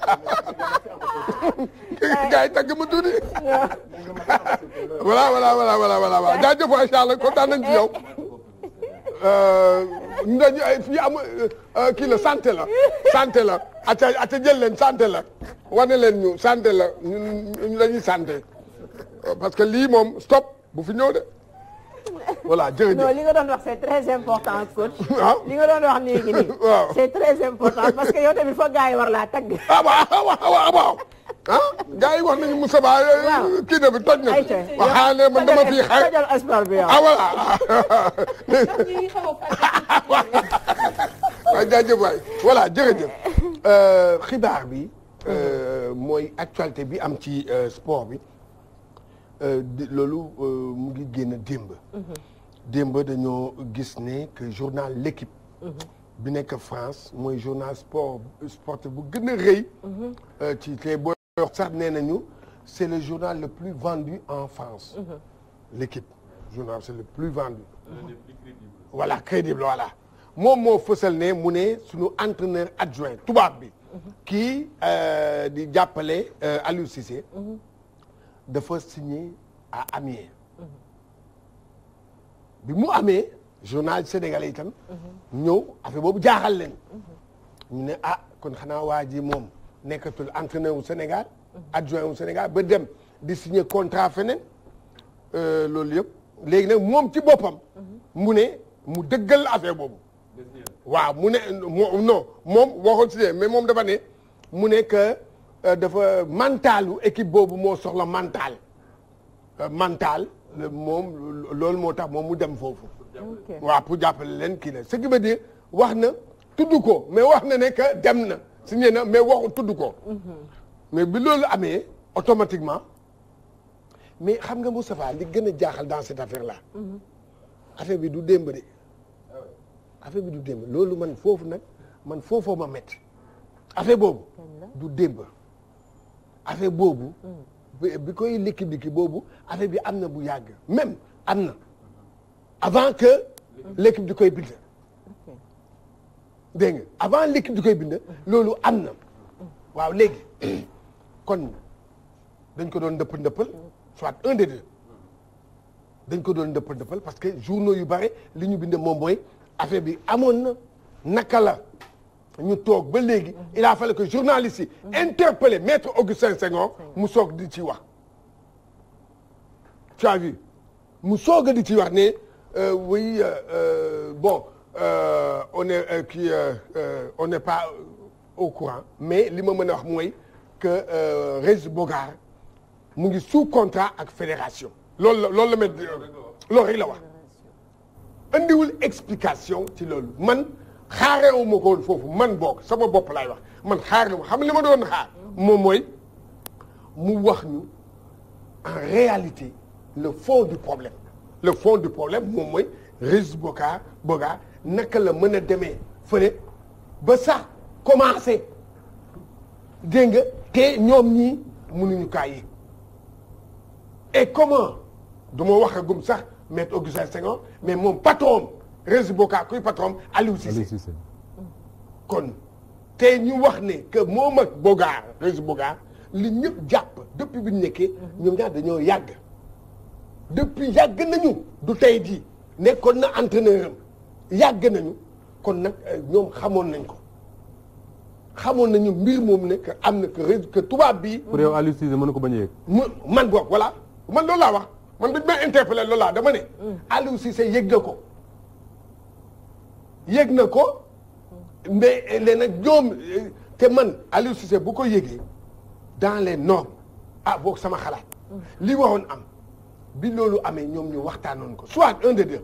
gars yi tàgg ma tuuti voilà voilà voilà voilà voilà jaajëf incha allah kontaan nañ ci yow. Euh, ñu dañu fii am euh, kii la santé la santé la aca aca jël leen santé la wane leen ñu santé la ñu dañuy santé parce que lii moom stop bu fi ñëw de. voilà jërëjëf non li nga doon wax c' est très important coach. waaw li nga doon wax léegi nii. waaw c' est très important parce que yow tamit foog gars yi war laa tagg. ah waaw waaw waaw ah gars yi wax nañu Moussa Ba. Eh, waaw kii tamit toj na. ayca yow man dama fi xay tojal espoir bi yow. ah voilà. waaw jaajëf waay voilà jërëjëf. Euh, xibaar bi. Euh, mooy actualité bi am ci euh, sport bi. Euh, di loolu euh, mu ngi génn démb. Mhm. démb dañoo gis ne que journal l'équipe mhm. bi nekk France mooy journal sport sportif bu gën a rëy. Mhm. Euh, ci tey boo sax nee nañu c'est le journal le plus vendu en France. l'équipe journal c'est le plus vendu. voilà crédible voilà moom moo fësal ne mu ne suñu entraîneur adjoint tubaab bi. kii di jàppale Aliou dafa signé à Amiens mm-hmm. bi mu amee journal sénégal itam mm-hmm. ñëw affaire boobu jaaxal leen ñu ne ah kon xanaa waa ji moom nekkatul entraîneur wu Sénégal mm-hmm. adjoint wu Sénégal ba dem di signé contrat feneen euh, loolu yëpp léegi nag moom ci boppam mu ne mu dëggal affaire boobu waaw mu ne non moom waxoon si mais moom dafa ne mu ne Euh, dafa mentalu équipe boobu moo soxla mental euh, mental moom loolu moo tax moom mu dem foofu. waa pour jàppale leen kii la ce qui veut dire wax na tudd ko mais wax na ne que dem na signé na mais waxu tudd ko. Mhm. mais bi loolu amee automatiquement mais xam nga Moustapha li gën a jaaxal dans cette affaire là. Mhm. affaire bi du démb de affaire bi du démb loolu man foofu nag man foofoo ma métti affaire boobu du démb. affaire boobu. Hmm. bi koy likki likki boobu affaire bi am na bu yàgg même am na avant que hmm. l'équipe di koy bind. dégg nga avant l'équipe di koy bind hmm. loolu am na waaw léegi kon dañ ko doon ndëppal ndëppal soit un des deux dañ ko doon ndëppal ndëppal parce que journaux yu bare li ñu bind moom mooy affaire bi amoon na naka la. ñu toog ba léegi il a fallu que journaliste yi interpellé maître Augustin Senghor mu soog di ci wax tu as vu mu soog a di ci wax ne euh, oui euh, euh, bon euh, on est kii euh, euh, pas au courant mais li ma mën a wax mooy que Régis Bogart mu ngi sous contrat ak fédération loolu la loolu la met loolu la wax andiwul explication ci loolu man xaarewuma ko foofu man boog sama bopp laay wax man xaar xaarewu xam li ma doon xaar moom mooy mu wax ñu en réalité le fond du problème le fond du problème moom mooy Régis Bocard Bocard naka la mën a demee fële ba sax commencé dégg nga te ñoom ñii mënuñu kay yëg et comment du ma wax a gum sax maître Augustin Senghor mais moom patron Résiboka kuy patron Aliou Cissé kon te ñu wax ne que moom ak Boga Résiboka li ñëpp jàpp depuis bi ñu nekkee mhm. ñoom ñaar dañoo yàgg depuis yàgg nañu du tey jii nekkoon na entraîneur yàgg nañu kon nag euh, ñoom xamoon nañ ko xamoon nañu mbir moom ne que am na que que tubaab bii. pour yow Aliou Cissé mën ko bañ a yëg. man boog voilà man loolu laa wax man dañ ma interpellé loolu dama ne. Mhm. Aliou Cissé yëg na ko. yéeg na ko mais léegi nag ñoom te man Aliou Cissé bu ko yëgee dans les normes ah boog sama xalaat li waxoon am bi loolu amee ñoom ñu waxtaanoon ko soit un de deux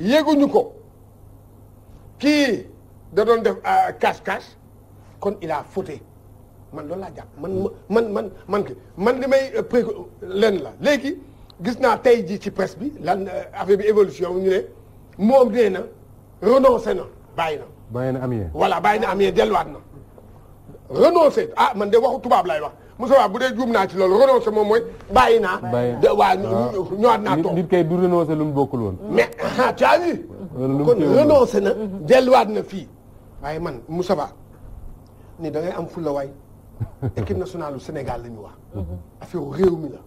yéguñu ko ki da def euh, cache-cache kon il a fauté man loolu laa jàpp man man man man ki man li may euh, pré leen la léegi gis naa tey jii ci presse bi lan euh, affaire bi évolution ñu ne moom nee na renoncé na bàyyi na. bàyyi na Amiens. voilà bàyyi na Amiens delluwaat na. renoncé ah man de waxu tubaab lay wax Moussa Wa bu dee juum naa ci loolu renoncé moom mooy bàyyi naa. bàyyi naa waaw ah. ñëwaat naa toog nit kay du renoncé lu mu bokkul woon. mais ah tu as kon renoncé na. delluwaat na fii. waaye man Moussa Wa ni am fulla waay équipe nationale du Sénégal la wax. affaire réew mi la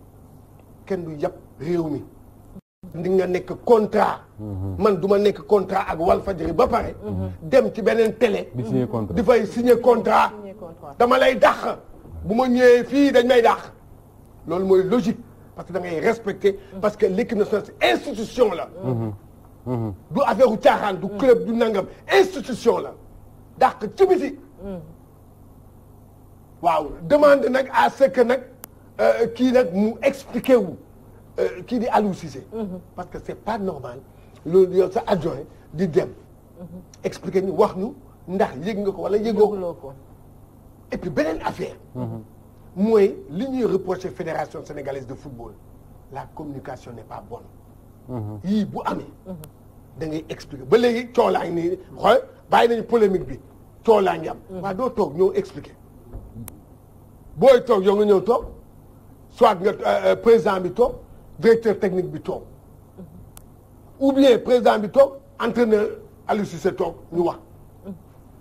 kenn du yàpp réew mi. di nga nekk contrat. Mhm. man duma nekk contrat ak Walfadjri ba pare. Mhm. dem ci beneen télé. di signer contrat di fay signer contrat. dama lay dàq. bu ma ñëwee fii dañ may dàq. loolu mooy logique parce que da ngay mhm. parce que l'équipe nationale institution la. du affaire u caaxaan du club du nangam institution la dàq ci biti. waaw demande nag à ce nag euh, kii nag mu expliquer Euh, kii di Aliou Cissé. Mhm. parce que c'est pas normal loolu yow sa adjoint di dem. Mhm. expliquer ñu wax nu ndax yëg nga ko wala yëgoo ko. et puis beneen affaire. Mhm. mooy li ñuy reprocher fédération sénégalaise de football la communication n'est pa bonne. yii bu amee. da ngay expliquer ba léegi coow laa ngi nii xool bàyyi nañu polémique bi coow laa ngi am. waaw doo toog ñëw expliquer booy toog yow nga ñëw toog soit nga euh, euh, président bi toog. directeur technique bi toog mhm. ou bien président bi toog entraîneur Aliou Cissé toog ñu wax mhm.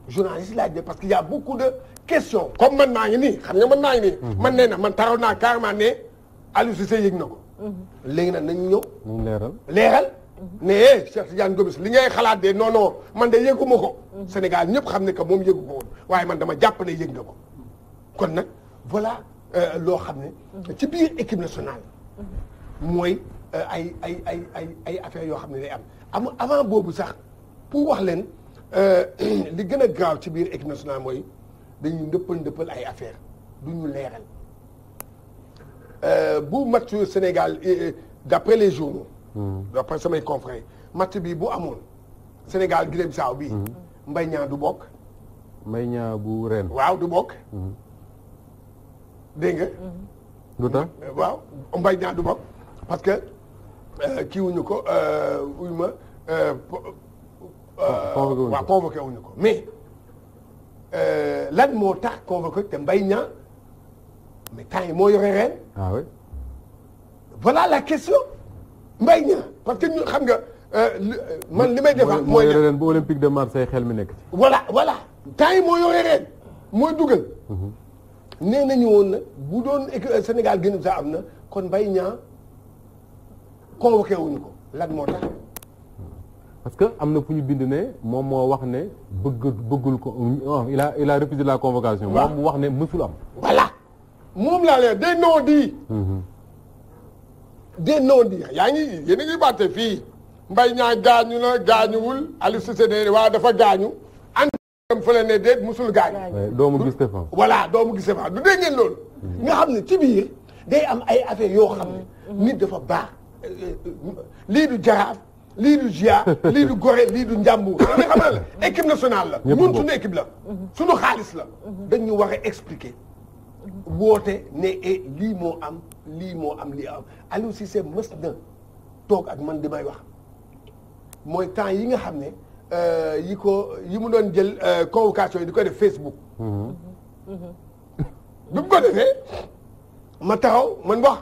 journaliste laaj de parce que y' a beaucoup de questions comme man naa ngi nii xam nga man naa ngi nii. Mhm. man nee na man taxaw naa carrément ne Aliou Cissé yëg na ko. léegi nag nañu ñëw. leeral leeral. ne eh Cheikh Tidiane Gomis li ngay xalaat de non non man de yëguma ko. Sénégal ñëpp xam ne que moom yëgu ko waaye man dama jàpp ne yëg na ko kon nag voilà euh, loo xam ne. ci biir équipe nationale. mooy euh, ay ay ay ay ay affaires yoo xam ne day am am avant boobu sax pour wax leen euh, li gën a grave ci biir équipe nationale mooy dañuy ndëppal ndëppal ay affaires du ñu leeral euh, bu match Sénégal d'après les journaux. Hmm. d'après samay confrères match bi bu amoon Sénégal Guinée-Bissau bi hmm. Mbaye Niang du bokk. Mbaye Niang bu ren. waaw du bokk. Hmm. dégg nga. lu tax waaw Mbaye Niang du bokk. parce que euh, kii wuñu ko euh, wuñ ma. Euh, convoqué wuñu ko waaw convoqué wuñu mais lan moo tax convoqué te Mbaye Niang mais temps yi moo yoxe ren. ah oui. voilà la question Mbaye Niang parce que ñun xam nga. man li may defar mooy. yore ren bu Olympique de Marseille xel mi nekk ci. voilà voilà temps yi moo yoxe ren mooy dugal. Mhm. nee nañu woon na bu doon Sénégal gën a am na kon mbay Niang. convoqué wuñu ko lan moo tax. parce que am na fu ñu bind ne moom moo wax ne bëggul ko il a il a refusé la convocation. moom mu wax ne mësul am. voilà moom laa leen day non di. des non di mm-hmm. yaa ngi yéen a ngi bàtte fii mbay ñaa gaañu na gaañuwul Aliou Cissé waa waaw dafa gaañu. am fële ne déet musul gaañu. doomu gis Stéphane. voilà doomu gis Stéphane du dégg ngeen loolu. Mm-hmm. nga xam ne ci biir day am ay affaire yoo xam ne mm-hmm. nit dafa baax. lii du jaraaf lii du gore lii du njàmbur mais xam la équipe la ñun suñu équipe la mhm. suñu xaalis la mhm. dañu war a expliquer mhm. woote ne e lii moo am lii moo am lii am Aliou Cissé mës na toog ak man di may wax mooy temps yi nga xam ne euh, yi ko yi mu doon jël euh, convocation yi di ko def Facebook bi mu ko defee ma taxaw man wax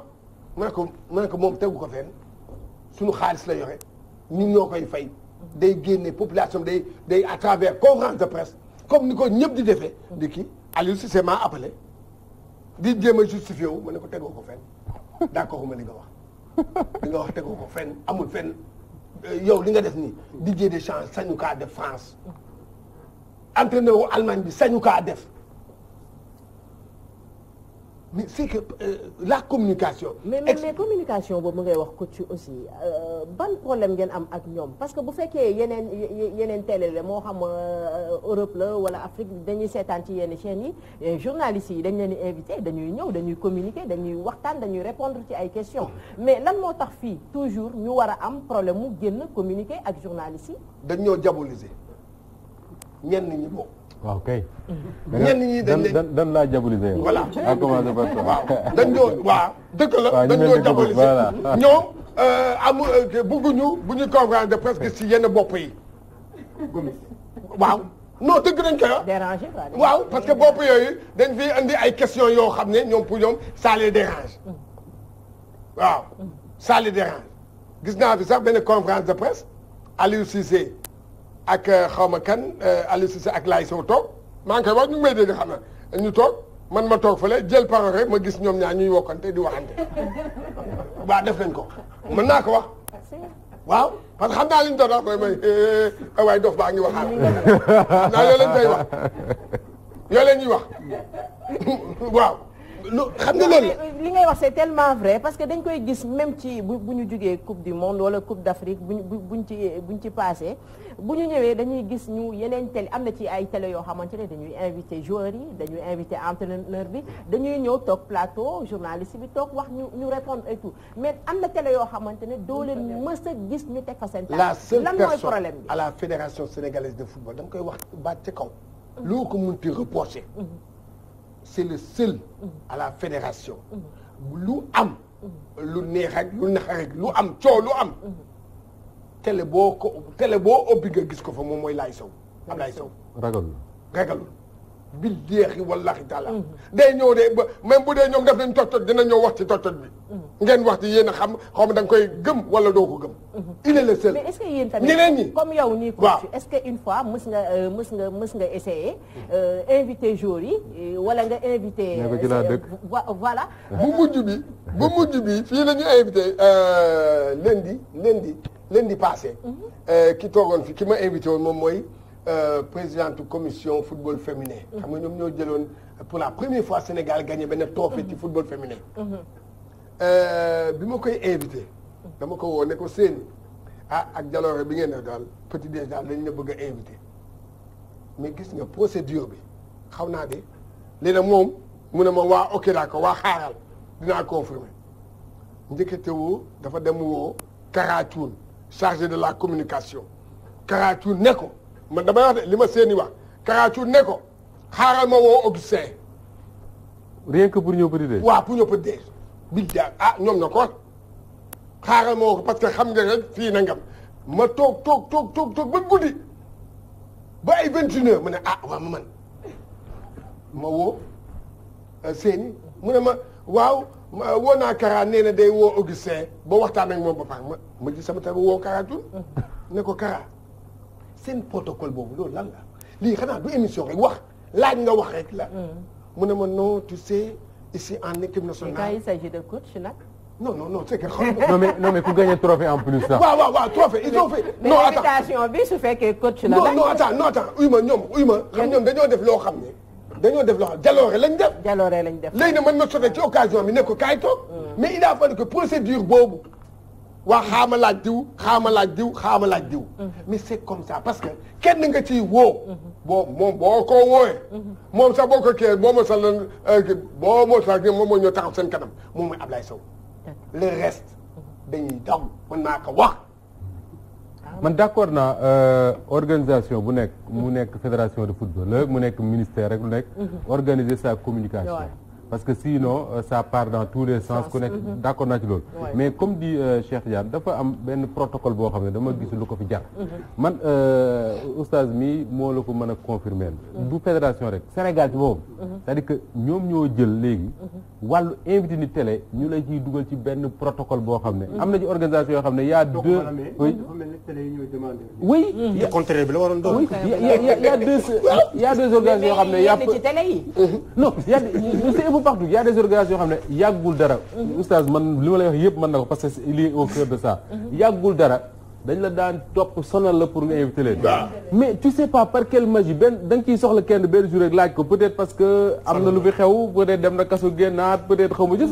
mu ne ko mu ne ko moom tegu ko fen suñu xaalis la yore ñu ñoo koy fay day génne population day day à travers conférence de presse comme ni ko ñëpp di defee di kii Aliou Cissé m'a appelé di jéem a justifié wu mu ne ko tegoo ko fen fenn d'accord ma li nga wax li nga wax tegu ko fenn amul fenn euh, yow li nga def nii de change sañu kaa def France entraîneur wu Allemagne bi sañu kaa def mais c'est que euh, la communication. mais mais, mais communication boobu ngay wax coach aussi euh, ban problème ngeen am ak ñoom parce que bu fekkee yeneen yeneen télé la moo xam euh, Europe la wala Afrique dañuy seetaan ci yenn chaînes yi journalistes yi dañ leen di invité dañuy ñëw dañuy communiquer dañuy waxtaan dañuy répondre ci ay questions mais lan moo tax fii toujours ñu war a am problème mu génn communiquer ak journalistes yi. dañ ñoo diaboliser. ñenn ñi bokk. waaw kay. ñenn ñi dañ leen dan dan laa diaboliser. voilà à commencer par ñu conférence de presque si yenn bopp yi. waaw non dëgg nañ ko parce que bopp yooyu dañ fi ay questions yoo xam ne ñoom pour ñoom ça mm. waaw ça les dérange naa fi sax benn conférence de presse Aliou Cissé. ak euh, xaw ma kan euh, Aliou Cissé ak Laye Sow toog maa ngi koy wax ñu ngi may dégg xam na ñu toog man ma toog fële jël parole rek ma gis ñoom ñaa ñuy wokkante di waxante waaw def nañ ko mën naa ko wax waaw parce que xam naa li ñu doon wax mooy mooy eh, eh, waaye dof baa ngi waxaat xam naa yoo leen koy wax yoo leen ñuy wax waaw lu xam nga loolu li ngay wax se tellement vrai parce que dañ koy gis même ci bu bu ñu jugee coupe du monde wala coupe d'Afrique buñ buñ ci ñu ci paase bu ñu ñëwee dañuy gis ñu yeneen télé am na ci ay télé yoo xamante ne dañuy invité joueurs yi dañuy invité entraîneur bi dañuy ñëw toog plateau journaliste bi toog wax ñu ñu répondre et tout mais am na télé yoo xamante ne doo leen mës a gis ñu teg fa seen la seule personne à la fédération sénégalaise de football dama koy wax baat ca kaw loo ko munti c'est le seul à la fédération lu am lu neex ak lu nax rek lu am coow lu am tele boo ko télé boo obligé gis ko fa moom mooy laay Laye Sow Ablaye Sow ragalul ragalul billahi wallahi taala day ñëw de ba même bu dee ñoom def nañ toj-toj dina ñëw wax ci toj bi ngeen wax ci yéen a xam xaw ma da koy gëm wala doo ko gëm il est le seul mais est comme yow nii waaw est-ce que une fois mës nga euh, mës nga mës nga essayer euh, invité yi euh, wala nga invité voilà bu mujj bi bu mujj bi fii la ñu invité lundi lundi lundi passé mhm. ki toogoon fi ki ma invité moom mooy Euh, présidente commission football féminin. Mm-hmm. xam nga ñoom ñoo jëloon pour la première fois Sénégal gagné benn trophée ci mm-hmm. football féminin. Mm-hmm. Euh, bi ma koy invité. dama ko woo ne ko ah ak jaloore bi ngeen def daal petit déj daal dañ bëgg a invité mais gis nga procédure bi xaw naa de léegi nag moom mu ne ma waa ok d'accord waa xaaral dinaa confirmer njëkkate woo dafa dem woo Karaatoun chargé de la communication Karaatoun ne man dama wax de li ma seeni wax Karacu ne ko xaaral ma woo Augustin. rien que pour ñëw petit déj. waaw pour ñëw petit déj. bi daal ah ñoom na ko xaaral ma woo ko parce que xam nga rek fii nangam ma toog toog toog toog toog ba guddi ba ay vingt ma ne ah waaw ma man ma woo euh, seeni mu ne ma waaw woo naa Kara nee ne day woo Augustin ba waxtaan ak moom ba pare ma ma ji sama tar woo Kara Thioune ne ko Kara. seen protocole boobu loolu lan la lii xanaa du émission rek wax laa nga wax rek la. Hmm. mu ne ma non tu sais ici en équipe nationale. mais quand il s'agit non non non trophée en plus ça. waaw waaw trophée ils ont fait. non attends mais invitation bi su fekkee coach la. non non attends non attends uy ma ñoom uy ma. xam ñoom def loo xam ne. dañoo def loo xam jaloore lañ def. jaloore lañ def léegi nag man ma sotee ci occasion bi ne ko kaay hmm. mais il a fallu que procédure boobu. waa xaama laaj diw xaama laaj diw xaama laaj diw mm-hmm. mais c'est comme ça parce que kenn nga ciy woo mm-hmm. boo moom boo ko wooyee mm-hmm. moom sax boo ko kiiyee boo ma sax lan euh, boo ma sax moom moo ñoo taxaw seen kanam moom ma Ablaye Sow le reste dañuy daw mën naa ko wax ah. man d'accord naa euh, organisation bu nekk mu nekk fédération de football mu nekk ministère rek lu nekk organiser sa communication parce que sinon ça part dans tous les sens ku nekk d'accord naa ci loolu mais comme dit Cheikh Diane dafa am benn protocole boo xam ne dama gis lu ko fi jar man oustaz mi moo la ko mën a confirmer bu fédération rek Sénégal ci boobu cest que ñoom ñoo jël léegi wàllu invite ni télé ñu la ciy dugal ci benn protocole boo xam ne am na ci organisation yoo xam ne yaa a deux oui le contraire bi la waroon doon y deux y yoo xam ne y a non partout y' a des organisations yoo xam ne yàggul dara. Mhm. oustaz man li ma lay wax yëpp mën na ko parce que c'est lié au cœur de ça. Mhm. yàggul dara. dañu la daan topp sonal la pour nga invité leen. mais tu sais par quelle magie benn da nga soxla kenn benn jour rek laaj ko peut-être parce que. am na lu fi xew peut-être dem na kaso génnaat peut-être xaw ma mm.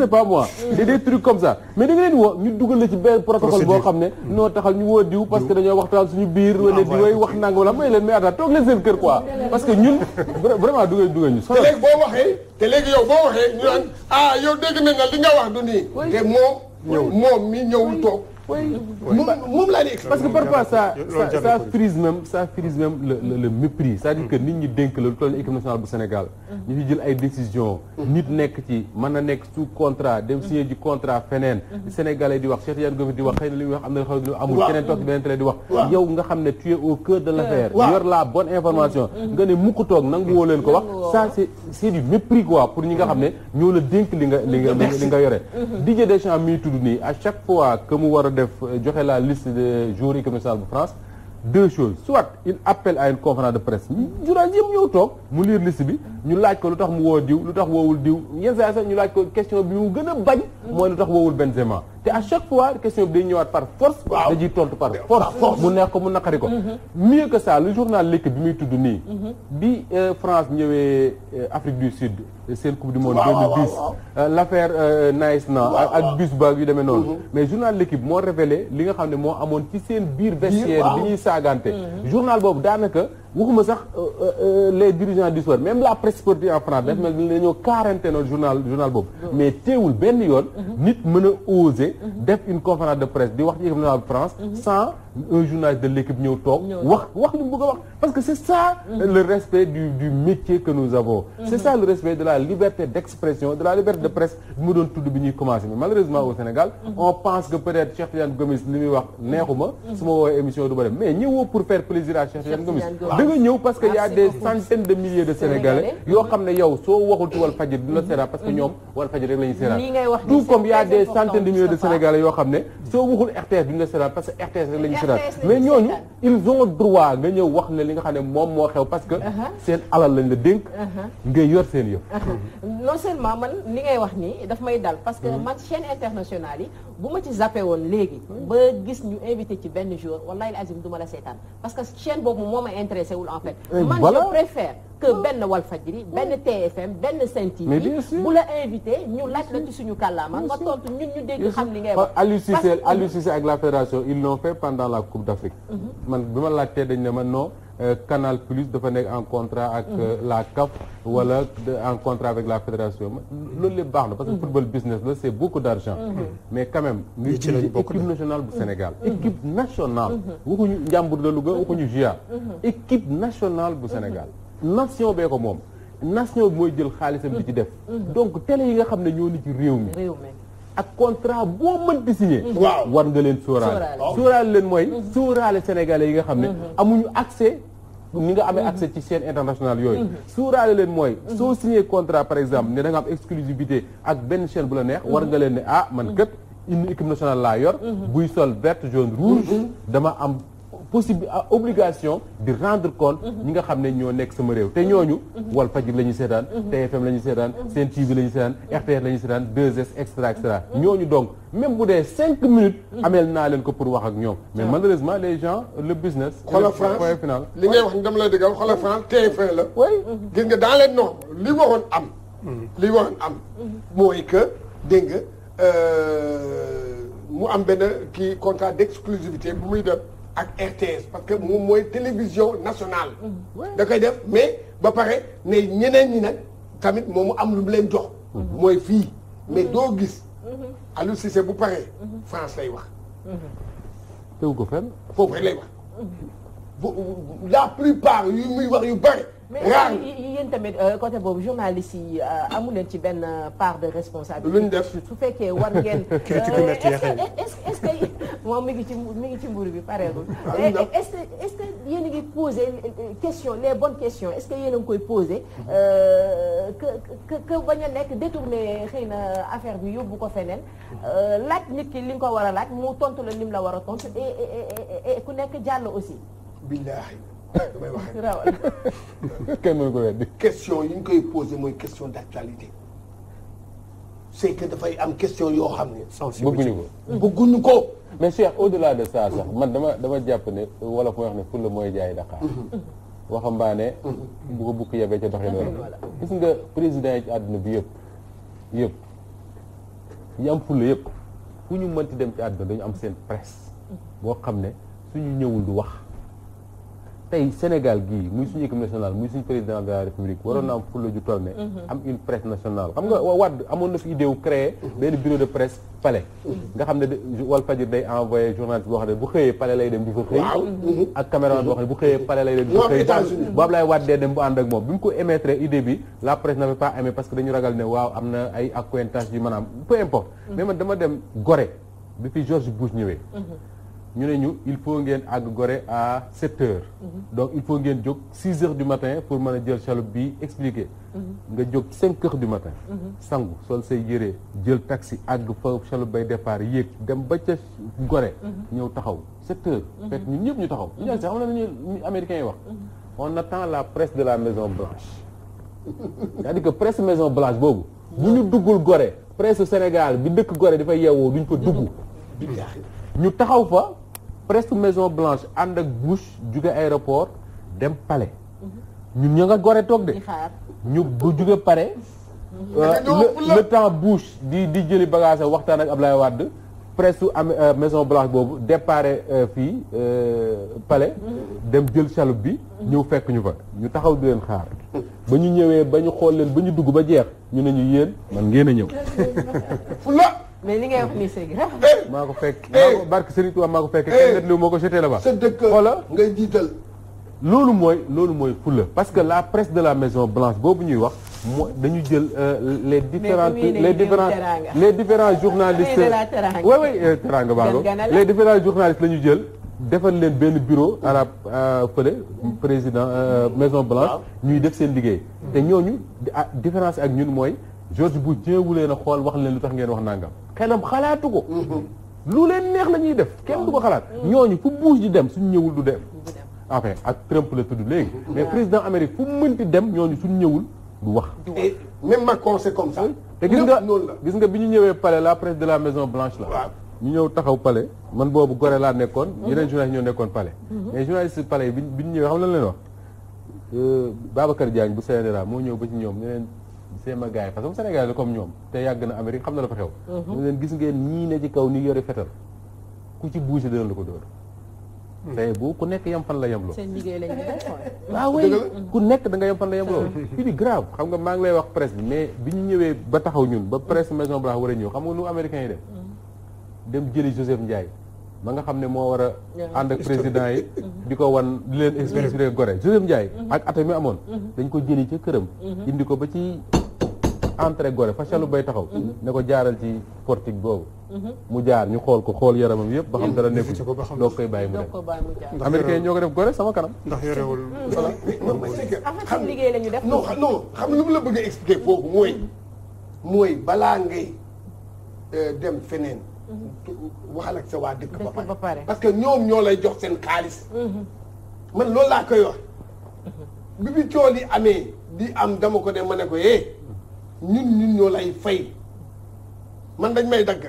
mais da ñu dugal la ci benn ne. noo taxal ñu woo diw parce que dañoo waxtaan suñu biir. Ah, wala di way wax nangam la may leen may attaque toog leen seen kër quoi. boo waxee yow boo waxee ñu naan ah yow dégg nañ la li nga wax du nii. te moom moom mi ñëwul toog moom laa di expliqué parce que parfois ça ça ça frise même ça frise même le le dire que mm. nit ñi dénk la lu toll équipe nationale bu Sénégal. Mm. ñu fi jël ay décisions. Mm. nit nekk ci mën na nekk sous contrat dem signé ji contrat feneen. Sénégalais di wax Cheikh Tidiane di wax xëy na li muy wax am na xaw amul. keneen toog ci beneen télé di wax. yow nga xam ne tu au cœur de l'affaire. yor la bonne information. nga ne mukk toog nangu woo leen ko wax. ça c'est c'est du mépris quoi pour ñi nga xam ne ñoo la li li nga li nga yore. def euh, joxe la liste des jours économique bu France deux choses soit il appelle à une conférence de presse journaliste yëpp ñëw toog mu lire liste bi ñu laaj ko lu tax mu woo diw lu tax woowul diw yenn saa sax ñu laaj ko question bi mu gën a bañ mooy lu tax woowul Benzema te a chaque fois question bi day ñëwaat par force. waaw dañuy tontu par force. mu neex ko mu naqari ko. Mhm. mieux que ça le journal L'équipe bi muy tudd nii. Mhm. bi euh, France ñëwee euh, Afrique du Sud. Euh, seen coupe du monde 2010 l' affaire Nice na ak bus ba yu demee noonu. Mhm. mais journal L'équipe moo révélé li nga xam ne moo amoon ci seen biir. vestiaire bi ñuy saagante. journal boobu daanaka. waxuma sax euh, euh, euh, les dirigeants du sport même la presse sportive en France daf mel ni dañoo quarantaine noon journal journal boobu mais teewul benn yoon mhm. nit mën a oser mhm. def une conférence de presse di wax ci équipe nationale de France mhm. sans un journaliste de l'équipe ñëw toog wax wax li mu bëgg a wax parce que c'est ça mm-hmm. le respect du métier que nous avons mm-hmm. c'est ça le respect de la liberté d'expression de la liberté de mm-hmm. presse bi mu doon tudd bi ñuy commencé mais malheureusement au Sénégal on pense que peut-être Cheikh Tidiane Gomis li muy wax neexuma su ma woowee émission du ma mais ñëwoo pour faire plaisir à Cheikh Tidiane Gomis da ñëw parce que y des centaines de milliers de Sénégalais national mais ñooñu ils ont droit ñëw wax ne li nga xam ne moom moo xew parce que uh-huh. seen alal lañ la dénk uh-huh. ngay yor seen yëf uh-huh. non seulement man li ngay wax ni daf may dal parce que mm-hmm. man chaîne internationale yi bu ma ci zappé woon léegi mm-hmm. ba gis ñu invité ci benn jour wallahi azim du ma la seetaan parce que chaîne boobu moom ma intéressé wul en fait man je préfère que benn Walfadjri benn TFM benn Sen TV. mais bien bu la invité ñu laaj la ci suñu kàllaama nga tontu ñu dégg xam li ngay wax. Aliou Cissé ak la fédération ils l'ont fait pendant la Coupe d'Afrique. Mhm. man bi ma laajtee dañ ne ma non. Euh, Canal Plus dafa nekk en contrat ak mhm. euh, la CAF wala en contrat avec la fédération lool lépp baax na parce que mhm. football business la c'est beaucoup d'argent mais quand même ñu ci équipe nationale bu Sénégal équipe nationale waxuñu Njàmbur de Louga waxuñu GIA équipe nationale bu Sénégal nation bee ko moom nation bi mooy jël xaalisam di ci def mhm. donc télé yi nga xam ne ñoo ni ci réew mi ak contrat boo mën di signé mhm. waaw war nga leen sóoraale sóoraale oh. leen mooy mhm. sóoraale sénégalais yi nga xam ne amuñu accès ni nga amee accès ci chaîne international yooyu suuraale leen mooy soo signé contrat par exemple ne da nga am exclusivité ak benn chaîne bu la neex war nga leen ne ah man kët une équipe nationale laa yor buy sol vert jaune rouge dama am possible ah, obligation di rendre compte mhm. ñi nga xam ne ñoo nekk sama réew te ñooñu mhm. mhm. Walf Fadjri la ñu seetaan TFM la ñu seetaan Sen TV la ñu seetaan RTS la ñu seetaan 2S et cetera et cetera ñooñu donc même bu dee cinq minutes ameel naa leen ko pour wax ak ñoom mais malheureusement les gens le business xoolal li ngay wax dama la dëggal xoolal France tf la gis nga dans les normes li waroon am li waroon am mooy que dégg nga euh, mu am benn kii contrat d'exclusivité bu muy def ak RTS parce que moom mooy télévision nationale. Mm. da koy def mais ba pare ne ñeneen ñi nag tamit moom mu am lu mu leen jox. Mm-hmm. mooy fii mais mm-hmm. doo gis. Mm-hmm. Aliou Cissé bu paree. France lay wax. tegu ko fenn. foofu rek lay wax. la plupart yu muy wax yu bare. mais yéen tamit euh, côté boobu journaliste yi euh, amu leen ci benn euh, part de responsabilité. luñ def su fekkee war ngeen. est-ce que moom mi ngi ci mi ngi ci mburu bi pareegul. est-ce que est-ce que yéen a ngi poser question les bonnes questions est-ce que yéen a ngi koy poser. Mm-hmm. que que que nekk détourné xëy na affaire bi yóbbu ko feneen. Mm-hmm. laaj nit ki li nga ko war a laaj mu tontu la lim la war a tontu ku nekk jàll aussi. billaahi. damay kenn mënu ko weddi. question yi ñu koy posé mooy question d' actualité. c' dafay am question yoo xam ne. sensibiliser bëgguñu ko bëgguñu ko. mais Cheikh au delà de ça sax man dama dama jàpp ne wolof mooy wax ne fulla mooy jaay Dakar. Mhm. waxambaane. Mhm. bu ko bukk yebee ca doxin wala. gis nga président yi ci àdduna bi yëpp yëpp yi am fulla yëpp fu ñu mënti dem ci àdduna dañu am seen presse. Mhm. boo xam ne suñu ñëwul du wax. tey Sénégal gii muy suñu équipe nationale muy suñu président de la république waroon na am fulla ju toll ne mhm. am une presse nationale xam nga Wade amoon na fi idée wu créer mhm. benn bureau de presse palais mhm. nga xam ne Walfadjri day envoyé journaliste boo xam ne bu xëyee palais lay dem boo bu xëyee palais lay dem di fa xëy bu Ablaye Wade dee dem bu ànd ak moom bi mu ko émettre idée bi la presse n'avait pas aimé parce que dañu ragal ne waaw am na ay accointances yu maanaam peu importe mais man dama dem Gorée bi fi George Bush ñu ne ñu il faut ngeen àgg gore à secteur heures. Mhm. donc il faut ngeen jóg 6 heures du matin pour mën a jël chaloupe bi expliquer. Mhm. nga jóg 5 heures du matin. Mhm. sangu sol say yére jël taxi àgg fa chaloupe bay départ yéeg dem ba ca gore ñëw taxaw secteur heures. fekk ñun ñëpp ñu taxaw. ñu naan sax xam nañu ne américains yi wax. on attend la presse de la Maison Blanche. c'est-à-dire que presse Maison Blanche boobu. bu ñu duggul gore presse Sénégal bi dëkk gore dafay yeewoo duñ ko dugg. ñu taxaw fa. presque Maison Blanche ànd ak Bush jóge aéroport dem pale ñu ñoo nga gore toog de ñu bu juge pare euh, le temps Bush di di jëli bagage waxtaan ak Ablaye Wade presse am euh, Maison Blanche boobu déparé euh, fii pale dem jël chaloupe bi ñëw fekk ñu fa ñu taxaw di leen xaar ba ñu ñëwee ba ñu xool leen ba ñu dugg ba jeex ñu ne ñu yéen man ngeen a ñëw mais li ngay wax nii c'est grave. maa ko fekk eh, maa ko barke maa ko fekk. Eh, moo ko jeté là-bas. sa dëkk ngay jiital. loolu mooy loolu mooy fula parce que la presse de la Maison Blanche boobu ñuy wax mooy dañu jël euh, les différents les différents les différents journalistes oui oui teranga euh, baago les différents journalistes la ñu jël defal leen benn bureau à la euh, fële président Maison Blanche ñuy def seen liggéey te ñooñu ah, différence ak ñun mooy George Bush jéewu leen a xool wax leen lu tax ngeen wax nangam xelam xalaatu ko lu leen neex la ñuy def kenn du ko xalaat ñooñu fu Bush di dem suñ ñëwul du dem enfin ak Trump la tudd léegi mais président Amérique fu mënti dem ñooñu suñu ñëwul du wax même Macron c'est comme ça te gis nga gis nga bi ñu ñëwee palais la presse de la Maison Blanche la ñu ñëw taxaw palais man boobu gore laa nekkoon mhm. yeneen journaliste ñoo nekkoon palais mhm. mais journaliste palais bi bi ñu ñëwee xam lan leen wax euh, Babacar Diagne bu CNRA moo ñëw ba ci ñoom ñeneen séema gars yi parce que Sénégal la comme ñoom te yàgg na Amérique xam na la fa xew ñu mhm. leen gis ngeen ñii ne ci kaw ni yore fetal ku ci bougé dana la ko dóor mhm. tey bu ku nekk yam fan la yam loo seen liggéey ah ku nekk danga nga yam fan la yam loo mhm. fii di grave xam nga maa ngi lay wax presse bi bi ñu ñëwee ba taxaw ñun ba presse maison Blanche war a ñëw xam nga nu américains yi def dem jëli Joseph Ndiaye ma nga xam ne moo war a ànd ak président yi di ko wan di leen expliquer gore Joseph ak mi amoon dañ entrée gore fa chalu bay taxaw mhm. ne ko jaaral ci portique boobu mhm. mu jaar ñu xool ko xool yaramam yëpp ba xam dara mhm. nekku ci doog koy bàyyi mu dem américain yi ñoo ko def gore sama kanam ndax yorewul voilà xam a expliquer foofu mooy mooy balaa ngay euh, dem feneen waxal ak ba pare parce que ñoom ñoo lay jox seen xaalis man loolu laa koy wax bi bi cool yi amee di am dama ko dem ma ne ko eh ñun ñun ñoo lay fay man dañ may dagg.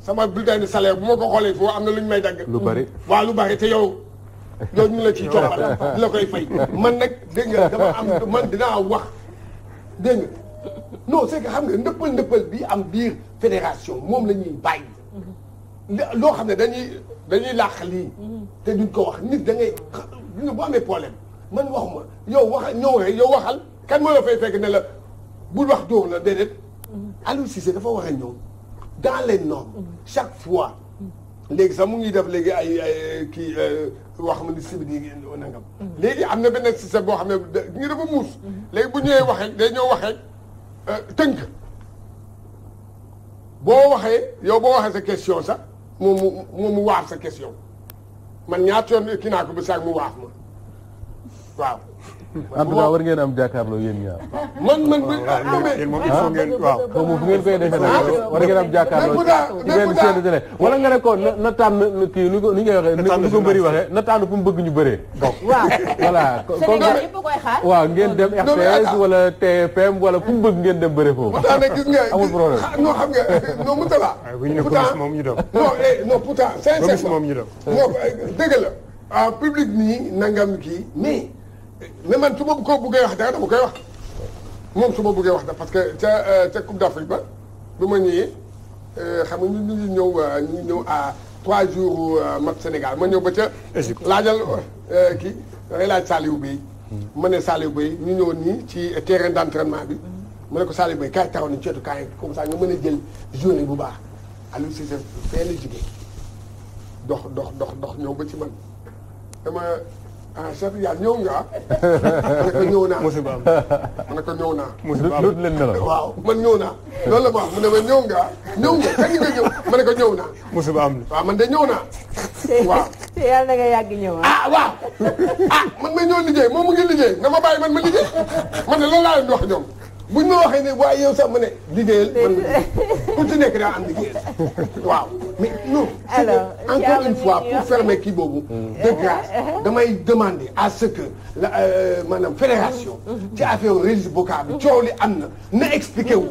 sama bulletin de salaire bu ma ko xoolee foo am na lu ñu may dagg. lu bari waaw lu bari te yow. yow ñu la ciy coppal di la koy fay. man nag dégg nga dama am man dinaa wax dégg nga non c'est que xam nga ndëppal ndëppal bi am biir fédération moom lañuy ñuy bàyyi. loo xam ne dañuy dañuy làq lii. te duñ ko wax nit da ngay bu amee problème man waxuma yow wax ñëw rek yow waxal kan moo la fay fekk ne la. bu wax dóor la déedéet Aliou Cissé dafa war a ñëw dans les noon chaque fois léegi sax mu ngi def léegi ay ay kii euh, wax ma ni sibidi nangam léegi am na si sax boo xam ne ngi dafa muus léegi bu ñëwee waxee day ñëw waxee euh, tënk boo waxee yow boo waxee sa question sax moom mu moom mu waaf sa question man ñaata yoon kii naa ko ba saag mu waaf ma waaw en tout cas war ngeen am jàkkaarloo yéen ñaar. man man man ah, moom il faut ngeen waaw. moom fu ngeen koy defee nag war ngeen am jàkkaarloo ci benn chaîne télé wala nga ne ko na tànn kii nu ñu koy waxee nu ko mbëri waxee na tànn fu mu bëgg ñu bëree. waaw voilà. Sénégal yëpp koy xaar. waaw ngeen dem RTS wala TFM wala fu mu bëgg ngeen dem bëree foofu. pourtant nag gis nga amul problème. Ah, non xam nga non Moussa la. bu ñu ne police moom ñu dem. non non pourtant. sincèrement moom ñu dem. public nii nangam kii mais ne man su ma ko buggee wax dara dama koy wax moom su ma buggee wax da parce que ca euh, ca Coupe d'Afrique ba bi ma ñëwee euh, xam nga ñu ñëw euh, ñu ñëw à trois jours match Sénégal ma ñëw ba ca. laajal kii dangay laaj Saliou Bey. Hmm. ma ne Saliou Bey ñu ñëwoon nii ci terrain d'entraînement bi. ma ne ko Saliou Bey kaay taxaw nañu ci wetu kaay comme ça nga mën a jël journée bu baax Aliou Cissé fee la jógee dox dox dox dox ñëw ba ci man ah Cheikh Tidiane ñëw nga ma ne ko ñëw naa. musiba am ma ne ko ñëw naa. musiba am dootu leen nelaw waaw man ñëw naa. loolu la ma wax mu ne ma ñëw nga ñëw nga kañ nga ñëw ma ne ko ñëw naa. musiba am waaw man de ñëw naa. waaw te yàlla da nga yàgg ñëw ah. ah waaw. ah man ma ñëw liggéey moom mu ngi liggéey na ma bàyyi man ma liggéey man de loolu laa leen di wax ñoom. buñ ma waxee ne waaye yow sax ma ne liggéeyal pour ci nekk daa am liggéeyal waaw mais non alors encore une fois pour fermer kii boobu de grâce damay demander à ce que la euh, maanaam fédération mm-hmm. ci affaire registre vocal bi coow li am na na expliqué wu